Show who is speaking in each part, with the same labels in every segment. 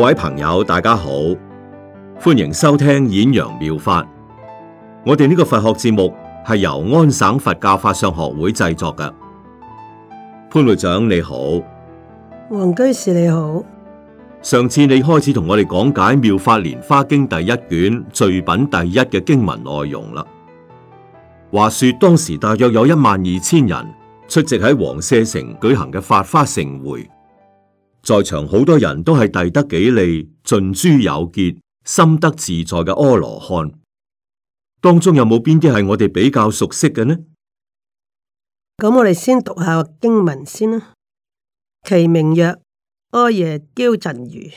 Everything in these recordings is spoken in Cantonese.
Speaker 1: 各位朋友，大家好，歡迎收聽演揚妙，妙法。我哋呢個佛學節目係由安省佛教法相學會製作嘅。潘會長你好，
Speaker 2: 黃居士你好。
Speaker 1: 上次你開始同我哋講解《妙法蓮華經》第一卷序品第一嘅經文內容啦。話說當時大約有一萬二千人出席喺王舍城舉行嘅法花盛會。在場好多人都係逮得己利、盡諸有結、心得自在嘅阿羅漢，當中有冇邊啲係我哋比較熟悉嘅呢？
Speaker 2: 咁我哋先讀下經文先啦。其名曰：阿若憍陳如、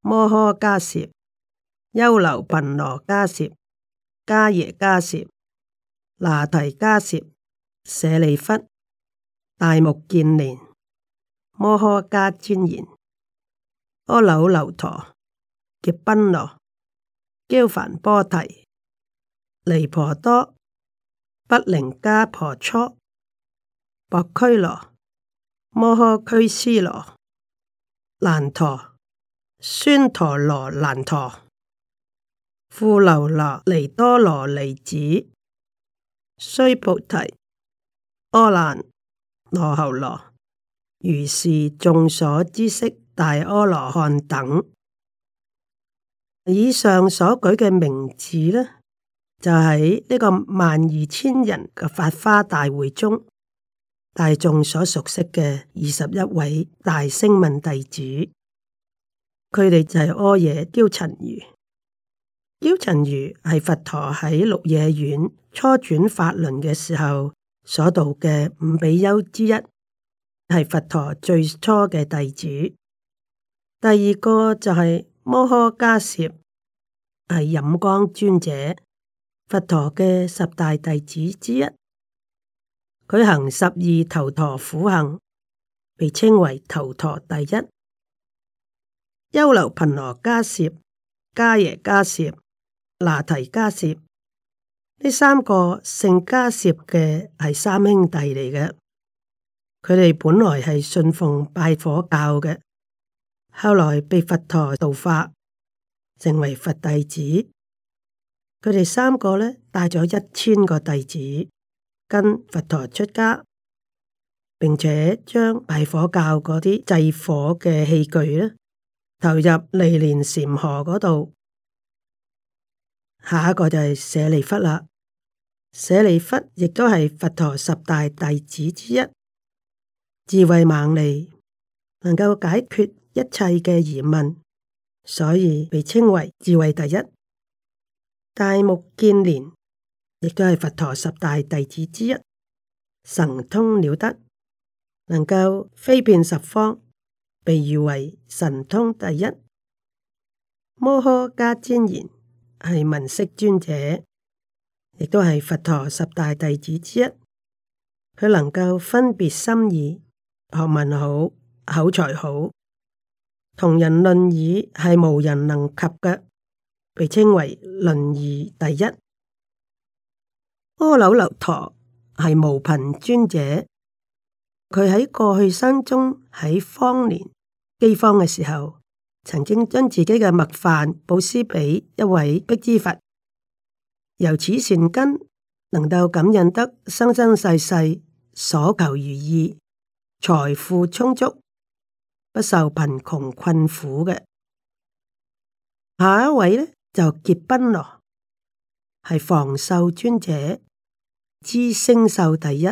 Speaker 2: 摩訶迦葉、優樓頻螺迦葉、伽耶迦葉、那提迦葉、舍利弗、大目犍連。摩訶迦旃延，阿耨留陀、劫賓羅、嬌梵波提、離婆多、不靈迦婆初、薄拘羅、摩訶拘尸羅、難陀、孫陀羅難陀、富流羅尼多羅尼子、須菩提、阿難、羅喉羅。如是眾所知識大阿羅漢等，以上所舉嘅名字呢，就喺呢個萬二千人嘅法華大會中，大眾所熟悉嘅二十一位大聲聞弟子。佢哋就係阿若憍陳如。憍陳如係佛陀喺鹿野苑初轉法輪嘅時候所度嘅五比丘之一。係佛陀最初嘅弟子。第二個就係摩訶迦葉，係飲光尊者，佛陀嘅十大弟子之一。佢行十二頭陀苦行，被稱為頭陀第一。優樓頻羅迦葉、迦耶迦葉、那提迦葉，呢三個姓迦葉嘅係三兄弟嚟嘅。佢哋本來係信奉拜火教嘅，後來被佛陀度化，成為佛弟子。佢哋三個呢，帶咗一千個弟子跟佛陀出家，並且將拜火教嗰啲祭火嘅器具呢，投入尼連禪河嗰度。下一個就係舍利弗啦，舍利弗亦都係佛陀十大弟子之一。智慧猛利，能夠解決一切嘅疑問，所以被稱為智慧第一。大目犍連亦都係佛陀十大弟子之一，神通了得，能夠飛遍十方，被譽為神通第一。摩訶迦旃延係文識尊者，亦都係佛陀十大弟子之一，佢能夠分別心意。學問好，口才好，同人論語係無人能及嘅，被稱為論語第一。阿耨羅陀係無貧尊者，佢喺過去生中喺荒年饑荒嘅時候，曾經將自己嘅麥飯布施畀一位辟支佛，由此善根，能夠感應得生生世世所求如意。財富充足，不受貧窮困苦嘅。下一位呢，就劫賓那，係房宿尊者，知星宿第一。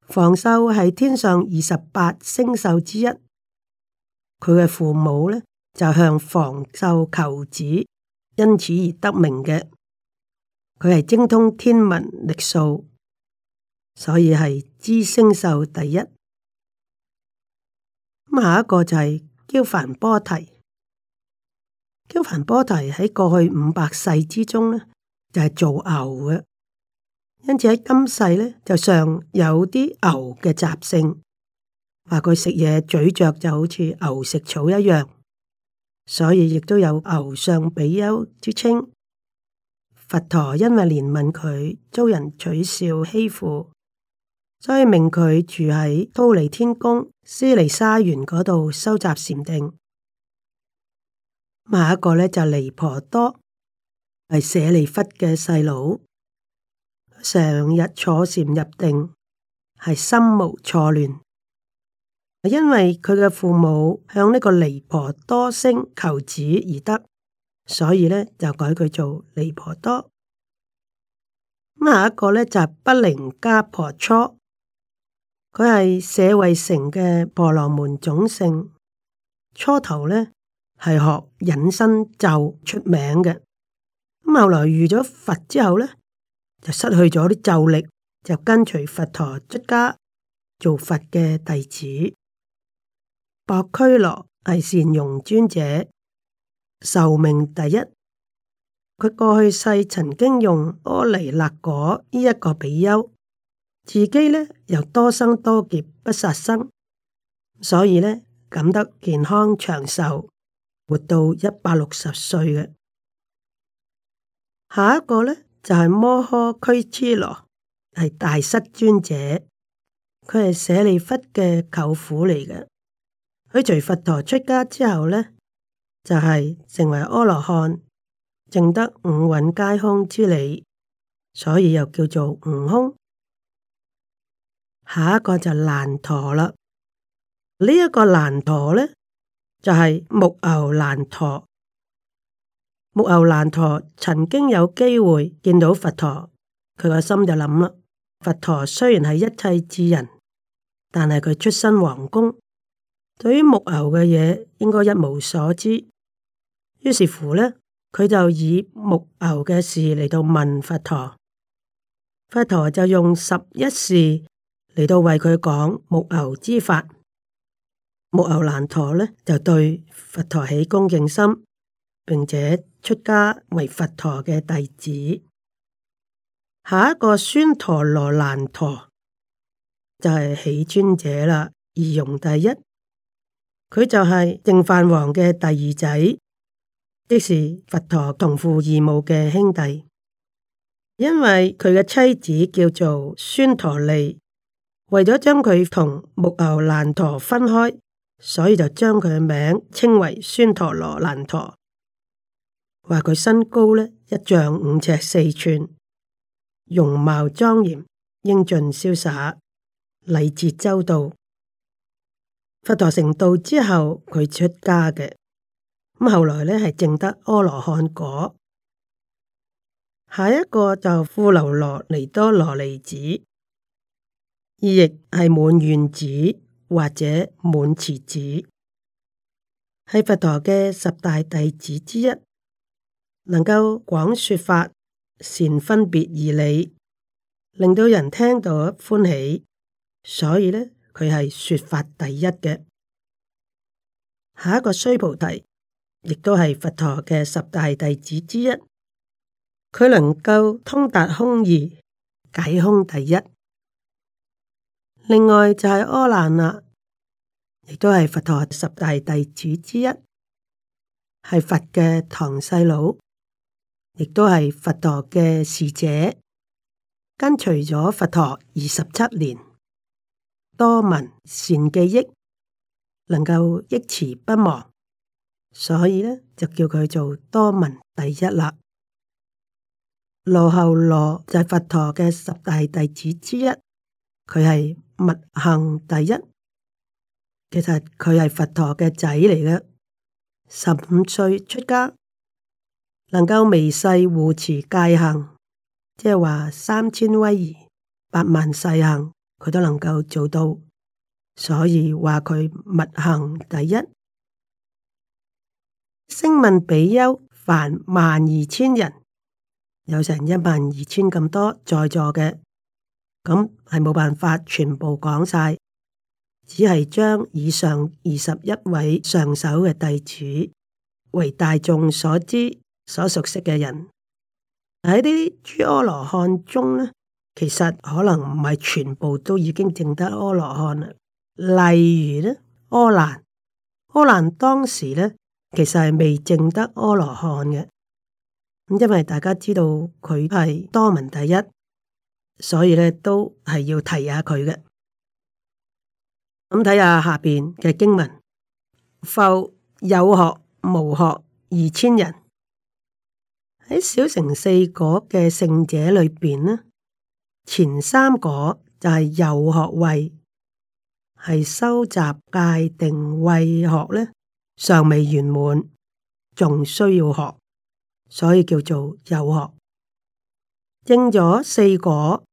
Speaker 2: 房宿係天上二十八星宿之一，佢嘅父母呢，就向房宿求子，因此而得名嘅。佢係精通天文曆數，所以係。知星宿第一，下一個就係焦梵波提。焦梵波提喺過去五百世之中呢，就係、是、做牛嘅，因此喺今世呢，就尚有啲牛嘅習性，話佢食嘢咀嚼就好似牛食草一樣，所以亦都有牛相比丘之稱。佛陀因為憐憫佢遭人取笑欺負。所以命佢住喺忉利天宮、斯利沙園嗰度修習禪定。下一個呢，就係離婆多，係舍利弗嘅細佬，成日坐禪入定，係心無錯亂。因為佢嘅父母向呢個離婆多星求子而得，所以呢，就改佢做離婆多。下一個呢，就是、畢陵伽婆蹉。佢係舍衛城嘅婆羅門種姓，初頭呢係學隱身咒出名嘅，咁後來遇咗佛之後呢，就失去咗啲咒力，就跟隨佛陀出家做佛嘅弟子。博拘羅係善容尊者，壽命第一。佢過去世曾經用阿尼勒果呢一個比丘。自己呢又多生多劫不殺生，所以呢，感得健康長壽，活到一百六十歲嘅。下一個呢，就係摩訶拘絺羅，係大失尊者，佢係舍利弗嘅舅父嚟嘅。佢隨佛陀出家之後呢，就係、是、成為阿羅漢，證得五蘊皆空之理，所以又叫做悟空。下一個就難陀啦，呢、這、一個難陀呢，就係、是、牧牛難陀。牧牛難陀曾經有機會見到佛陀，佢個心就諗啦，佛陀雖然係一切智人，但係佢出身皇宮，對於牧牛嘅嘢應該一無所知。於是乎呢，佢就以牧牛嘅事嚟到問佛陀，佛陀就用十一事。嚟到為佢講牧牛之法，牧牛難陀呢就對佛陀起恭敬心，並且出家為佛陀嘅弟子。下一個孫陀羅難陀就係、是、起尊者啦，儀容第一。佢就係淨飯王嘅第二仔，即是佛陀同父異母嘅兄弟，因為佢嘅妻子叫做孫陀利。為咗將佢同牧牛難陀分開，所以就將佢嘅名稱為孫陀羅難陀。話佢身高呢一丈五尺四寸，容貌莊嚴、英俊瀟灑、禮節周到。佛陀成道之後，佢出家嘅，咁後來呢係證得阿羅漢果。下一個就富樓那彌多羅尼子。亦係滿願子或者滿慈子，係佛陀嘅十大弟子之一，能夠廣說法，善分別而理，令到人聽到歡喜，所以呢，佢係說法第一嘅。下一個須菩提亦都係佛陀嘅十大弟子之一，佢能夠通達空義，解空第一。另外就係阿難啦，亦都係佛陀十大弟子之一，係佛嘅堂細佬，亦都係佛陀嘅侍者，跟隨咗佛陀二十七年，多聞善記憶，能夠憶持不忘，所以呢，就叫佢做多聞第一啦。羅睺羅就係佛陀嘅十大弟子之一，佢係。密行第一，其實佢係佛陀嘅仔嚟嘅，十五歲出家，能夠微細護持戒行，即係話三千威儀、八萬細行，佢都能夠做到，所以話佢密行第一。聲聞比丘凡萬二千人，有成一萬二千咁多在座嘅。咁係冇辦法全部講晒，只係將以上二十一位上首嘅弟子為大眾所知、所熟悉嘅人。喺呢啲諸阿羅漢中呢，其實可能唔係全部都已經證得阿羅漢啦。例如呢，阿難，阿難當時呢其實係未證得阿羅漢嘅，因為大家知道佢係多聞第一。所以咧，都係要提下佢嘅。咁睇下下邊嘅經文，復，有學無學二千人，喺小乘四果嘅聖者裏邊呢，前三果就係有學位，係收集界定位學呢，尚未圓滿，仲需要學，所以叫做有學。應咗四果。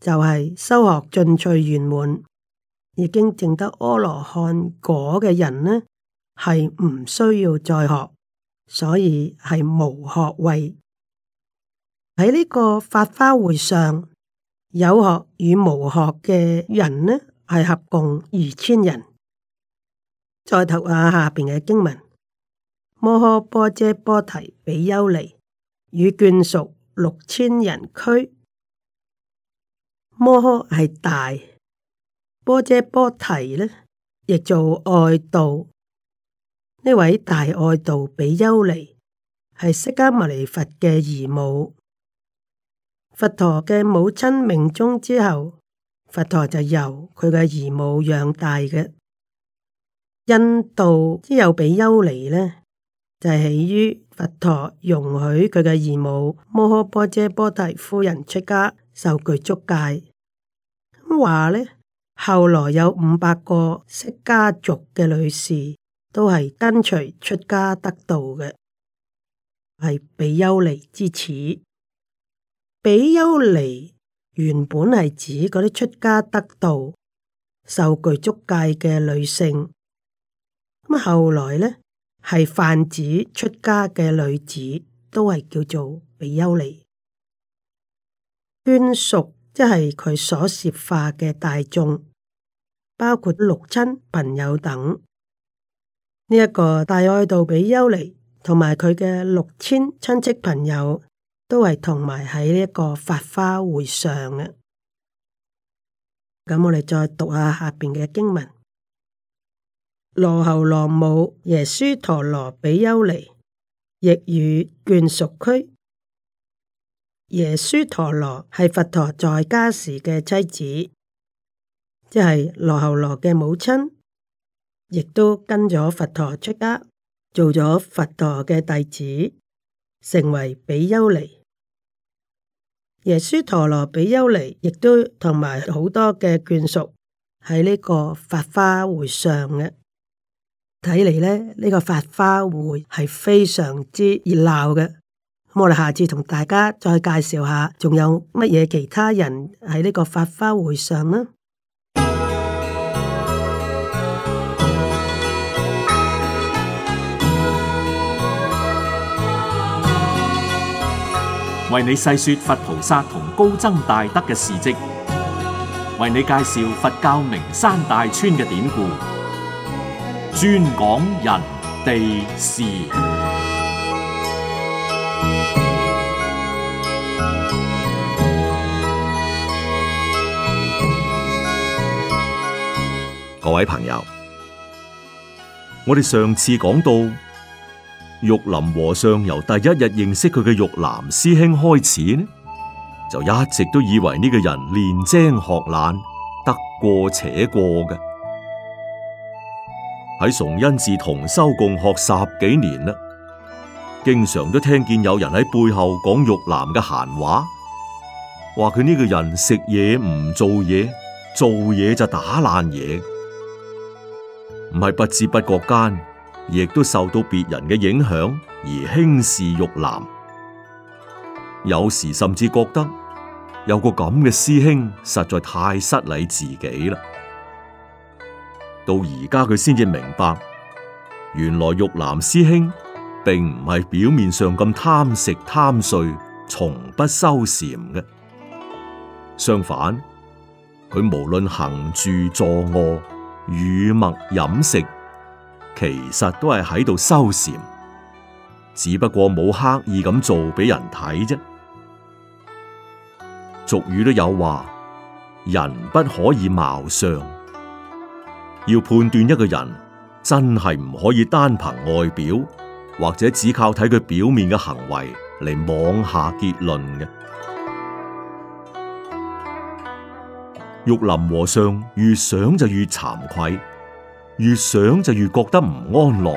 Speaker 2: 就係修學進趣圓滿，已經證得阿羅漢果嘅人呢，係唔需要再學，所以係無學位。喺呢個法花會上，有學與無學嘅人呢，係合共二千人。再讀下下邊嘅經文：摩訶波闍波提比丘尼與眷屬六千人俱。摩訶係大，波遮波提呢，亦做愛道呢，位大愛道比丘尼，係釋迦牟尼佛嘅姨母。佛陀嘅母親命終之後，佛陀就由佢嘅姨母養大嘅。印度之有比丘尼呢，就係起於佛陀容許佢嘅姨母摩訶波遮波提夫人出家，受具足戒。話呢，後來有五百個釋迦族嘅女士，都係跟隨出家得道嘅，係比丘尼之始。比丘尼原本係指嗰啲出家得道、受具足戒嘅女性。咁啊，後來呢係泛指出家嘅女子，都係叫做比丘尼。眷屬。即係佢所涉化嘅大眾，包括六親朋友等呢一、這個大愛道比丘尼，同埋佢嘅六千親戚朋友，都係同埋喺呢一個法花會上嘅。咁我哋再讀下下邊嘅經文：羅侯羅母、耶輸陀羅比丘尼，亦與眷屬俱。耶穌陀羅係佛陀在家時嘅妻子，即係羅侯羅嘅母親，亦都跟咗佛陀出家，做咗佛陀嘅弟子，成為比丘尼。耶穌陀羅比丘尼亦都同埋好多嘅眷屬喺呢個法華會上嘅，睇嚟呢，呢個法華會係非常之熱鬧嘅。咁我哋下次同大家再介紹下，仲有乜嘢其他人喺呢個法花會上呢？
Speaker 1: 為你細說佛菩薩同高僧大德嘅事跡，為你介紹佛教名山大川嘅典故，專講人地事。各位朋友，我哋上次講到玉林和尚由第一日認識佢嘅玉南師兄開始咧，就一直都以為呢個人練精學懶、得過且過嘅喺崇恩寺同修共學十幾年啦，經常都聽見有人喺背後講玉南嘅閒話，話佢呢個人食嘢唔做嘢，做嘢就打爛嘢。唔係不知不，不覺間，亦都受到別人嘅影響而輕視玉林。有時甚至覺得有個咁嘅師兄實在太失禮自己啦。到而家佢先至明白，原來玉林師兄並唔係表面上咁貪食貪睡，從不修禪嘅。相反，佢無論行住坐臥。語默飲食，其實都係喺度修禪，只不過冇刻意咁做俾人睇啫。俗語都有話：人不可以貌相，要判斷一個人，真係唔可以單憑外表或者只靠睇佢表面嘅行為嚟妄下結論嘅。玉林和尚越想就越慚愧，越想就越覺得唔安樂。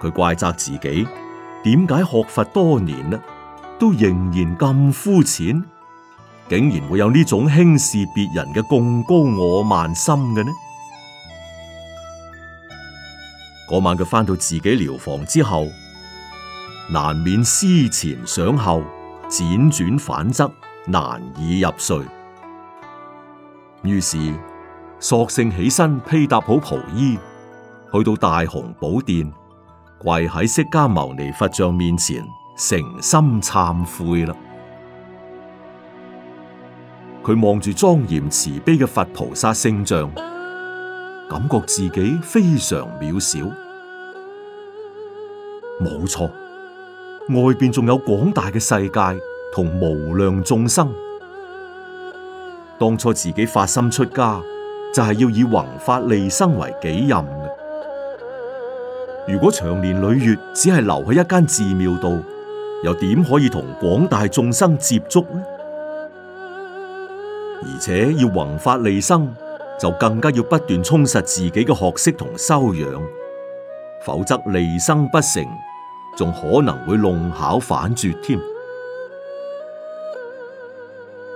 Speaker 1: 佢怪責自己點解學佛多年啦，都仍然咁膚淺，竟然會有呢種輕視別人嘅貢高我慢心嘅呢？嗰晚佢翻到自己寮房之後，難免思前想後，輾轉反側，難以入睡。於是，索性起身披搭好袍衣，去到大雄寶殿，跪喺釋迦牟尼佛像面前，誠心懺悔啦。佢望住莊嚴慈悲嘅佛菩薩聖像，感覺自己非常渺小。冇錯，外邊仲有廣大嘅世界同無量眾生。當初自己發心出家，就係要以弘法利生為己任。如果長年累月只係留喺一間寺廟度，又點可以同廣大眾生接觸呢？而且要弘法利生，就更加要不斷充實自己嘅學識同修養，否則利生不成，仲可能會弄巧反拙添。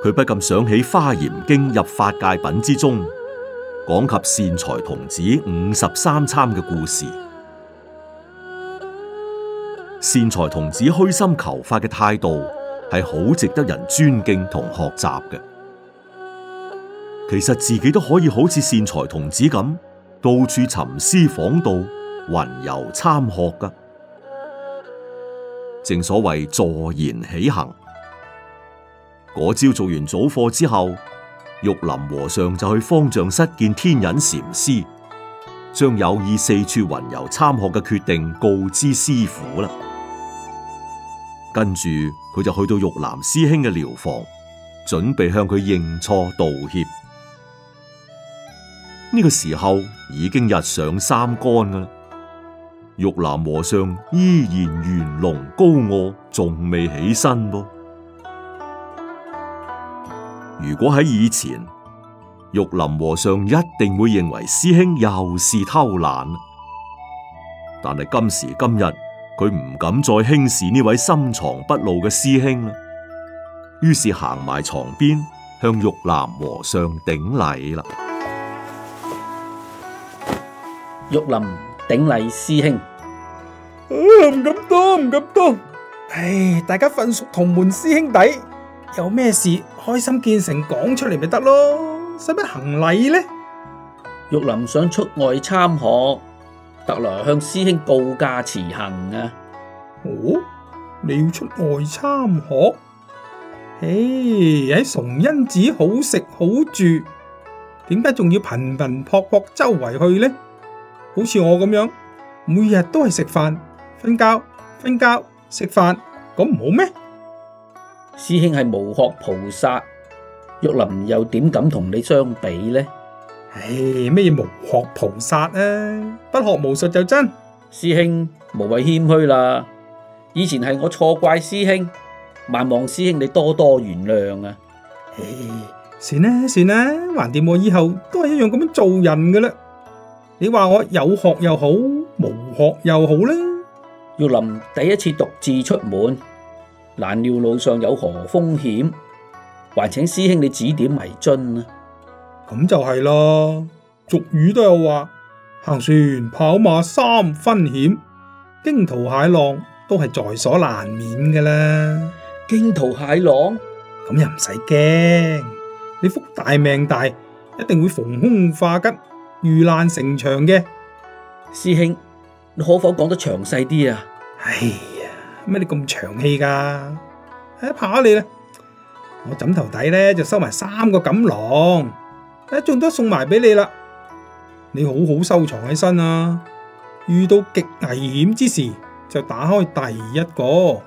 Speaker 1: 佢不禁想起《華嚴經》入法界品之中，講及善財童子五十三參嘅故事。善財童子虛心求法嘅態度係好值得人尊敬同學習嘅。其實自己都可以好似善財童子咁，到處尋師、訪道、雲遊參學㗎。正所謂坐言起行。嗰朝做完早課之後，玉林和尚就去方丈室見天隱禪師，將有意四處雲遊參學嘅決定告知師父啦。跟住佢就去到玉林師兄嘅寮房，準備向佢認錯道歉。呢個時候已經日上三竿啦，玉林和尚依然元龍高臥，仲未起身噃。如果喺以前，玉林和尚一定會認為師兄又是偷懶。但係今時今日，佢唔敢再輕視呢位深藏不露嘅師兄啦。於是行埋床邊，向玉林和尚頂禮啦。
Speaker 3: 玉林頂禮師兄，唔敢當，唔敢當。唉，大家分屬同門師兄弟。有咩事，開心見誠講出嚟咪得咯，使乜行禮呢？玉林想出外參學，特來向師兄告假辭行啊！哦，你要出外參學？唉，喺崇恩寺好食好住，點解仲要頻頻撲撲周圍去呢？好似我咁樣，每日都係食飯、瞓覺、瞓覺、食飯，咁唔好咩？師兄係無學菩薩，玉林又點敢同你相比呢？唉，咩無學菩薩啊？不學無術就真。師兄無謂謙虛啦，以前係我錯怪師兄，萬望師兄你多多原諒啊。唉，算啦算啦，橫掂我以後都係一樣咁樣做人噶啦。你話我有學又好，無學又好啦。玉林第一次獨自出門。難料路上有何風險，還請師兄你指點迷津啊！咁就係囉，俗語都有話，行船跑馬三分險，驚濤駭浪都係在所難免嘅啦。驚濤駭浪，咁又唔使驚，你福大命大，一定會逢凶化吉，遇難成祥嘅。師兄，你可否講得詳細啲啊？唉。乜你咁長氣噶？誒，怕你啦，我枕頭底咧就收埋三個錦囊，一仲都送埋俾你啦。你好好收藏起身啊！遇到極危險之時，就打開第一個；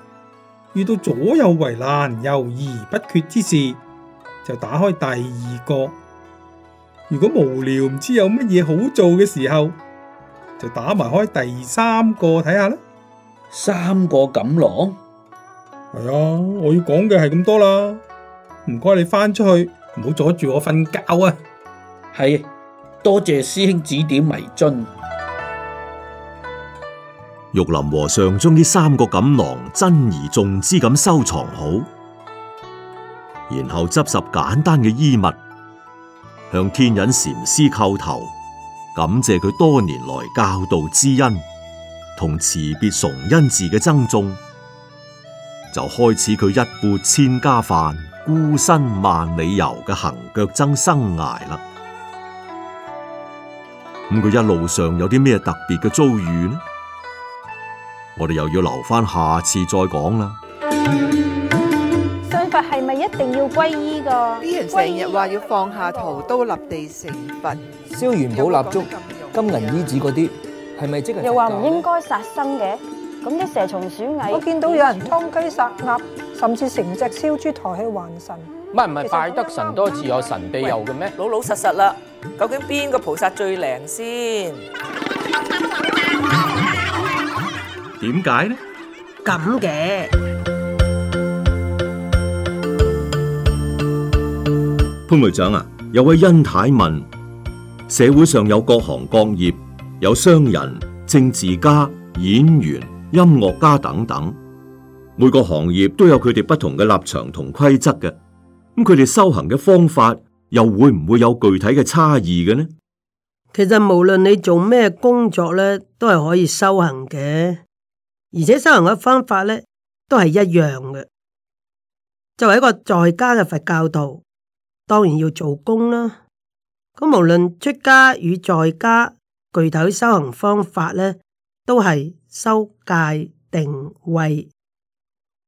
Speaker 3: 遇到左右為難、猶豫不決之時，就打開第二個；如果無聊唔知有乜嘢好做嘅時候，就打埋開第三個睇下啦。三個錦囊，係啊、哎！我要講嘅係咁多啦，唔該你翻出去，唔好阻住我瞓覺啊！係多謝師兄指點迷津。
Speaker 1: 玉林和尚將呢三個錦囊珍而重之咁收藏好，然後執拾簡單嘅衣物，向天隱禪師叩頭，感謝佢多年來教導之恩。同辭別崇恩寺嘅僧眾，就開始佢一缽千家飯、孤身萬里遊嘅行腳僧生涯啦。咁佢一路上有啲咩特別嘅遭遇呢？我哋又要留翻下，下次再講啦。
Speaker 3: 信佛係咪一定要皈依噶？啲人成日話要放下屠刀立地成佛，燒元寶、蠟燭、
Speaker 1: 金銀衣紙嗰啲。又話唔應
Speaker 2: 該殺生嘅，咁啲蛇蟲鼠蟻，我見到有人劏雞殺鴨，甚至成隻燒豬抬去還神。
Speaker 1: 唔係唔係，拜得神多次有神庇佑嘅咩？老老實實啦，究竟邊個菩薩最靈
Speaker 2: 先？
Speaker 1: 點解呢？
Speaker 2: 咁嘅
Speaker 1: 潘隊長啊，有位恩太問，社會上有各行各業。有商人、政治家、演員、音樂家等等，每個行業都有佢哋不同嘅立場同規則嘅。咁佢哋修行嘅方法又會唔會有具體嘅差異嘅呢？
Speaker 2: 其實無論你做咩工作咧，都係可以修行嘅，而且修行嘅方法咧都係一樣嘅。作為一個在家嘅佛教徒，當然要做工啦。咁無論出家與在家。具體修行方法呢，都係修戒定慧。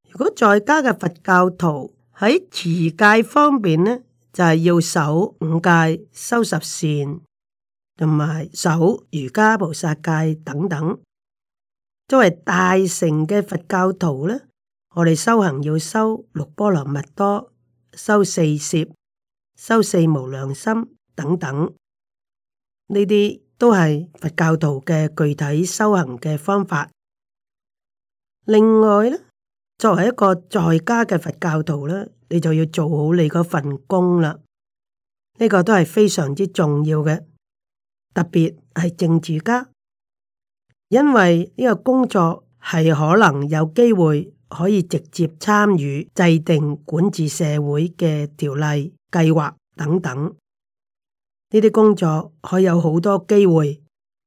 Speaker 2: 如果在家嘅佛教徒喺持戒方面呢，就係、是、要守五戒、修十善，同埋守瑜伽菩薩戒等等。作為大乘嘅佛教徒呢，我哋修行要修六波羅蜜多、修四攝、修四無量心等等呢啲，都係佛教徒嘅具體修行嘅方法。另外咧，作為一個在家嘅佛教徒咧，你就要做好你嗰份工啦。呢個都係非常之重要嘅，特別係政治家，因為呢個工作係可能有機會可以直接參與制定，管治社會嘅條例、計劃等等。呢啲工作可以有好多機會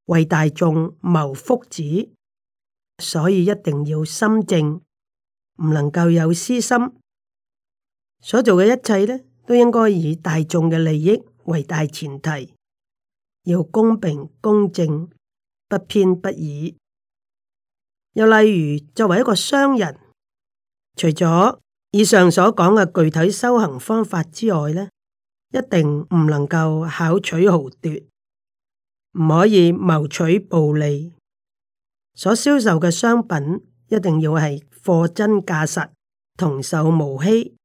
Speaker 2: 為大眾謀福祉，所以一定要心正，唔能夠有私心。所做嘅一切呢，都應該以大眾嘅利益為大前提，要公平公正，不偏不倚。又例如作為一個商人，除咗以上所講嘅具體修行方法之外呢。一定唔能夠巧取豪奪，唔可以謀取暴利。所銷售嘅商品一定要係貨真價實，童叟無欺。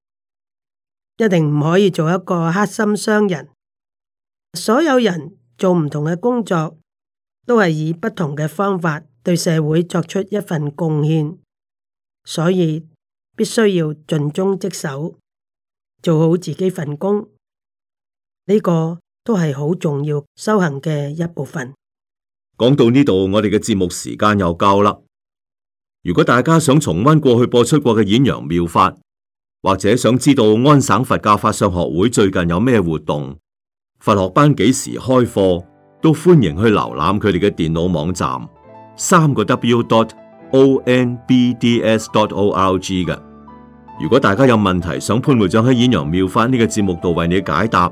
Speaker 2: 一定唔可以做一個黑心商人。所有人做唔同嘅工作，都係以不同嘅方法對社會作出一份貢獻，所以必須要盡忠職守，做好自己份工。呢個都係好重要修行嘅一部分。
Speaker 1: 講到呢度，我哋嘅節目時間又夠啦。如果大家想重温過去播出過嘅演揚妙法，或者想知道安省佛教法相學會最近有咩活動，佛學班幾時開課，都歡迎去瀏覽佢哋嘅電腦網站，三個 W dot O N B D S dot O R G 嘅。如果大家有問題，想潘會長喺演揚妙法呢、這個節目度為你解答。